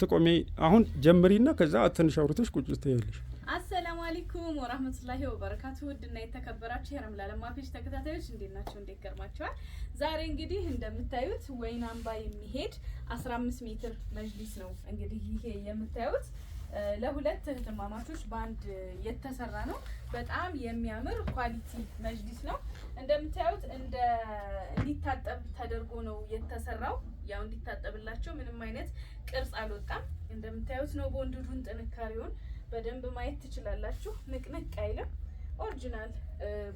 ትቆሜ አሁን ጀምሪና ከዛ ትንሽ አውርተሽ ቁጭ ትያለሽ። አሰላሙ አለይኩም ወራህመቱላሂ ወበረካቱ። ውድና የተከበራችሁ የረምላ ለማፊሽ ተከታታዮች እንዴት ናቸው? እንዴት ገርማቸዋል? ዛሬ እንግዲህ እንደምታዩት ወይን አምባ የሚሄድ 15 ሜትር መጅሊስ ነው። እንግዲህ ይሄ የምታዩት ለሁለት እህትማማቾች በአንድ የተሰራ ነው። በጣም የሚያምር ኳሊቲ መጅሊስ ነው። እንደምታዩት እንደ እንዲታጠብ ተደርጎ ነው የተሰራው። ያው እንዲታጠብላቸው ምንም አይነት ቅርጽ አልወጣም። እንደምታዩት ነው። ቦንድዱን ጥንካሬውን በደንብ ማየት ትችላላችሁ። ንቅንቅ አይልም። ኦሪጂናል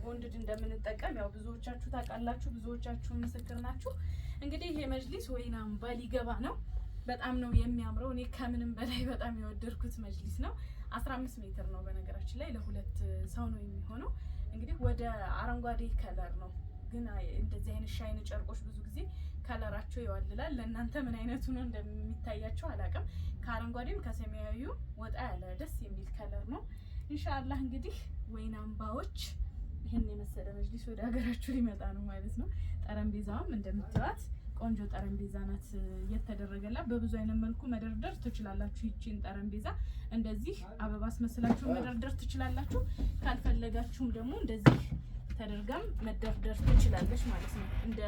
ቦንድድ እንደምንጠቀም ያው ብዙዎቻችሁ ታውቃላችሁ፣ ብዙዎቻችሁ ምስክር ናችሁ። እንግዲህ ይሄ መጅሊስ ወይን አምባ ሊገባ ነው። በጣም ነው የሚያምረው። እኔ ከምንም በላይ በጣም የወደድኩት መጅሊስ ነው። 15 ሜትር ነው በነገራችን ላይ ለሁለት ሰው ነው የሚሆነው። እንግዲህ ወደ አረንጓዴ ከለር ነው ግን እንደዚህ አይነት ሻይን ጨርቆች ብዙ ጊዜ ከለራቸው ይዋልላል። ለእናንተ ምን አይነቱ ነው እንደሚታያቸው አላውቅም። ከአረንጓዴም ከሰማያዊ ወጣ ያለ ደስ የሚል ከለር ነው። እንሻላህ እንግዲህ ወይን አምባዎች ይህን የመሰለ መጅሊስ ወደ ሀገራችሁ ሊመጣ ነው ማለት ነው። ጠረጴዛውም እንደምትሏት ቆንጆ ጠረጴዛ ናት እየተደረገላት። በብዙ አይነት መልኩ መደርደር ትችላላችሁ። ይቺን ጠረጴዛ እንደዚህ አበባ አስመስላችሁ መደርደር ትችላላችሁ። ካልፈለጋችሁም ደግሞ እንደዚህ ተደርጋም መደርደር ትችላለች ማለት ነው። እንደ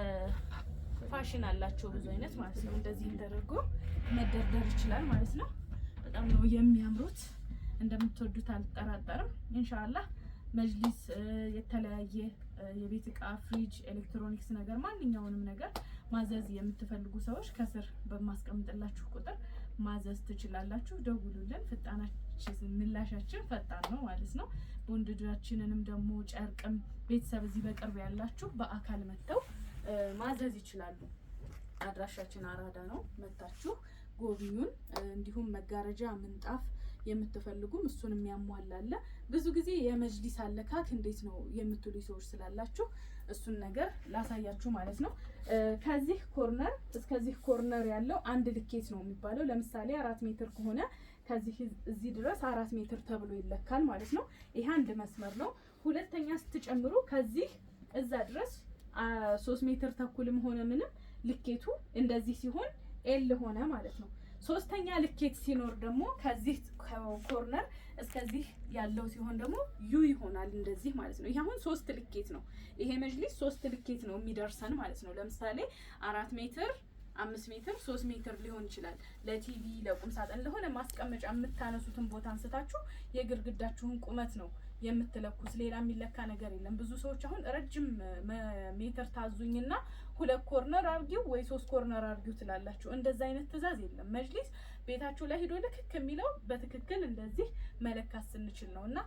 ፋሽን አላቸው ብዙ አይነት ማለት ነው። እንደዚህም ተደርጎ መደርደር ይችላል ማለት ነው። በጣም ነው የሚያምሩት። እንደምትወዱት አልጠራጠርም። ኢንሻአላህ መጅሊስ፣ የተለያየ የቤት እቃ፣ ፍሪጅ፣ ኤሌክትሮኒክስ ነገር ማንኛውንም ነገር ማዘዝ የምትፈልጉ ሰዎች ከስር በማስቀምጥላችሁ ቁጥር ማዘዝ ትችላላችሁ። ደውሉልን። ፍጣናችሁ ምላሻችን ፈጣን ነው ማለት ነው። ቦንድዳችንንም ደግሞ ጨርቅም ቤተሰብ እዚህ በቅርብ ያላችሁ በአካል መጥተው ማዘዝ ይችላሉ። አድራሻችን አራዳ ነው። መታችሁ ጎብኙን። እንዲሁም መጋረጃ፣ ምንጣፍ የምትፈልጉም እሱን የሚያሟላለ ብዙ ጊዜ የመጅሊስ አለካክ እንዴት ነው የምትሉ ሰዎች ስላላችሁ እሱን ነገር ላሳያችሁ ማለት ነው። ከዚህ ኮርነር እስከዚህ ኮርነር ያለው አንድ ልኬት ነው የሚባለው። ለምሳሌ አራት ሜትር ከሆነ ከዚህ እዚህ ድረስ አራት ሜትር ተብሎ ይለካል ማለት ነው። ይሄ አንድ መስመር ነው። ሁለተኛ ስትጨምሩ ከዚህ እዛ ድረስ ሶስት ሜትር ተኩልም ሆነ ምንም ልኬቱ እንደዚህ ሲሆን ኤል ሆነ ማለት ነው። ሶስተኛ ልኬት ሲኖር ደግሞ ከዚህ ኮርነር እስከዚህ ያለው ሲሆን ደግሞ ዩ ይሆናል እንደዚህ ማለት ነው። ይሄ አሁን ሶስት ልኬት ነው። ይሄ መጅሊስ ሶስት ልኬት ነው የሚደርሰን ማለት ነው። ለምሳሌ አራት ሜትር አምስት ሜትር ሶስት ሜትር ሊሆን ይችላል። ለቲቪ ለቁም ሳጥን ለሆነ ማስቀመጫ የምታነሱትን ቦታ አንስታችሁ የግድግዳችሁን ቁመት ነው የምትለኩት። ሌላ የሚለካ ነገር የለም። ብዙ ሰዎች አሁን ረጅም ሜትር ታዙኝና ሁለት ኮርነር አርጊው ወይ ሶስት ኮርነር አርጊው ትላላችሁ። እንደዛ አይነት ትዕዛዝ የለም። መጅሊስ ቤታችሁ ላይ ሂዶ ልክክ የሚለው በትክክል እንደዚህ መለካት ስንችል ነው እና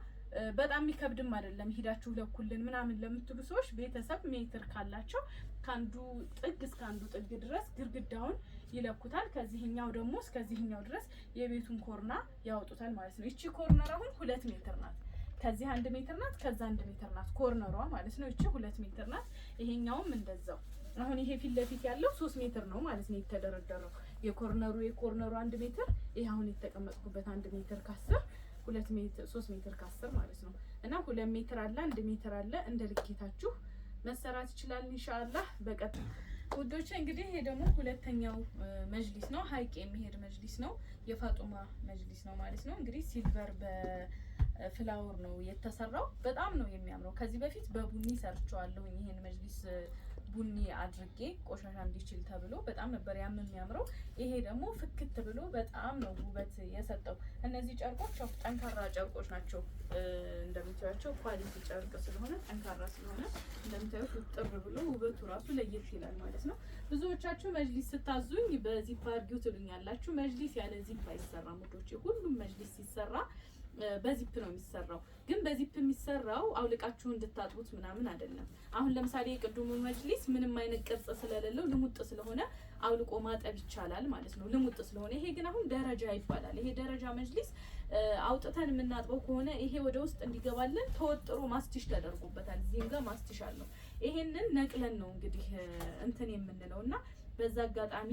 በጣም የሚከብድም አይደለም። ሂዳችሁ ለኩልን ምናምን ለምትሉ ሰዎች ቤተሰብ ሜትር ካላቸው ከአንዱ ጥግ እስከ አንዱ ጥግ ድረስ ግድግዳውን ይለኩታል። ከዚህኛው ደግሞ እስከዚህኛው ድረስ የቤቱን ኮርና ያወጡታል ማለት ነው። ይቺ ኮርነር አሁን ሁለት ሜትር ናት። ከዚህ አንድ ሜትር ናት፣ ከዛ አንድ ሜትር ናት ኮርነሯ ማለት ነው። ይቺ ሁለት ሜትር ናት። ይሄኛውም እንደዛው አሁን ይሄ ፊት ለፊት ያለው ሶስት ሜትር ነው ማለት ነው የተደረደረው የኮርነሩ የኮርነሩ አንድ ሜትር ይሄ አሁን የተቀመጥኩበት አንድ ሜትር ከአስር ሁለት ሜትር ሶስት ሜትር ከአስር ማለት ነው እና ሁለት ሜትር አለ አንድ ሜትር አለ እንደ ልኬታችሁ መሰራት ይችላል። ኢንሻአላህ በቀጥታ ውዶች እንግዲህ ይሄ ደግሞ ሁለተኛው መጅሊስ ነው። ሀይቅ የሚሄድ መጅሊስ ነው። የፋጡማ መጅሊስ ነው ማለት ነው። እንግዲህ ሲልቨር በፍላወር ነው የተሰራው። በጣም ነው የሚያምረው። ከዚህ በፊት በቡኒ ሰርቸዋለሁኝ ይሄን መጅሊስ ቡኒ አድርጌ ቆሻሻ እንዲችል ተብሎ በጣም ነበር ያም የሚያምረው። ይሄ ደግሞ ፍክት ብሎ በጣም ነው ውበት የሰጠው። እነዚህ ጨርቆች ጠንካራ ጨርቆች ናቸው። እንደምታያቸው ኳሊቲ ጨርቅ ስለሆነ ጠንካራ ስለሆነ እንደምታዩት ውጥር ብሎ ውበቱ ራሱ ለየት ይላል ማለት ነው። ብዙዎቻችሁ መጅሊስ ስታዙኝ በዚፕ አድርጊው ትሉኛላችሁ። መጅሊስ ያለ ዚፕ አይሰራም ውዶቼ። ሁሉም መጅሊስ ሲሰራ በዚፕ ነው የሚሰራው። ግን በዚፕ የሚሰራው አውልቃችሁ እንድታጥቡት ምናምን አይደለም። አሁን ለምሳሌ የቅዱሙ መጅሊስ ምንም አይነት ቅርጽ ስለሌለው ልሙጥ ስለሆነ አውልቆ ማጠብ ይቻላል ማለት ነው፣ ልሙጥ ስለሆነ። ይሄ ግን አሁን ደረጃ ይባላል። ይሄ ደረጃ መጅሊስ አውጥተን የምናጥበው ከሆነ ይሄ ወደ ውስጥ እንዲገባለን ተወጥሮ ማስቲሽ ተደርጎበታል። እዚህም ጋር ማስቲሽ አለው። ይሄንን ነቅለን ነው እንግዲህ እንትን የምንለው እና በዛ አጋጣሚ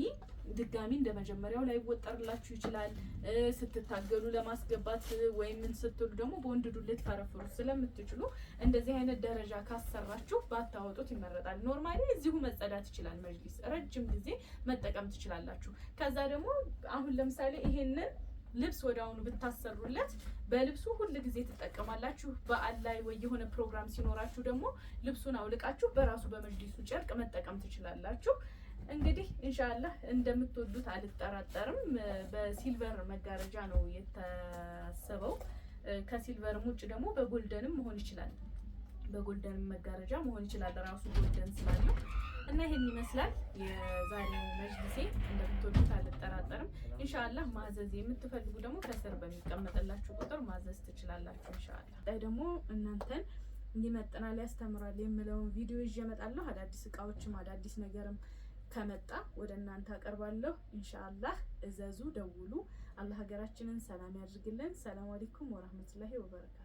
ድጋሚ እንደ መጀመሪያው ላይ ወጠርላችሁ ይችላል። ስትታገሉ ለማስገባት ወይም ምን ስትሉ ደግሞ በወንድ ዱል ልትፈረፍሩ ስለምትችሉ እንደዚህ አይነት ደረጃ ካሰራችሁ ባታወጡት ይመረጣል። ኖርማሊ እዚሁ መጸዳት ይችላል። መጅሊስ ረጅም ጊዜ መጠቀም ትችላላችሁ። ከዛ ደግሞ አሁን ለምሳሌ ይሄንን ልብስ ወደ አሁኑ ብታሰሩለት በልብሱ ሁል ጊዜ ትጠቀማላችሁ። በዓል ላይ ወይ የሆነ ፕሮግራም ሲኖራችሁ ደግሞ ልብሱን አውልቃችሁ በራሱ በመጅሊሱ ጨርቅ መጠቀም ትችላላችሁ። እንግዲህ ኢንሻአላህ እንደምትወዱት አልጠራጠርም። በሲልቨር መጋረጃ ነው የታሰበው። ከሲልቨርም ውጭ ደግሞ በጎልደንም መሆን ይችላል። በጎልደን መጋረጃ መሆን ይችላል። ራሱ ጎልደን ስላለው እና ይሄን ይመስላል የዛሬው መጅሊሴ። እንደምትወዱት አልጠራጠርም። ኢንሻአላህ ማዘዝ የምትፈልጉ ደግሞ ከስር በሚቀመጥላችሁ ቁጥር ማዘዝ ትችላላችሁ። ኢንሻአላህ ላይ ደግሞ እናንተን ይመጥናል፣ ያስተምራል የምለውን ቪዲዮ ይዤ እመጣለሁ። አዳዲስ እቃዎችም አዳዲስ ነገርም ከመጣ ወደ እናንተ አቀርባለሁ። ኢንሻአላህ እዘዙ፣ ደውሉ። አላህ ሀገራችንን ሰላም ያድርግልን። ሰላም አለይኩም ወራህመቱላሂ ወበረካቱ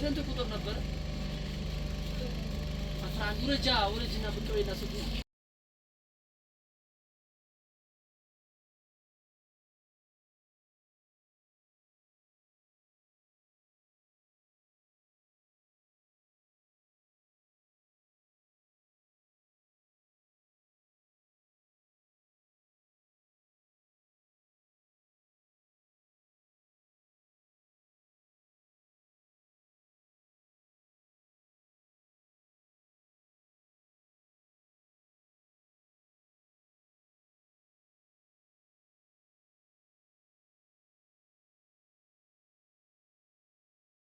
ስንት ቁጥር ነበረ? አስራ አንድ ውረጃ ውረጅና ብቅ በይና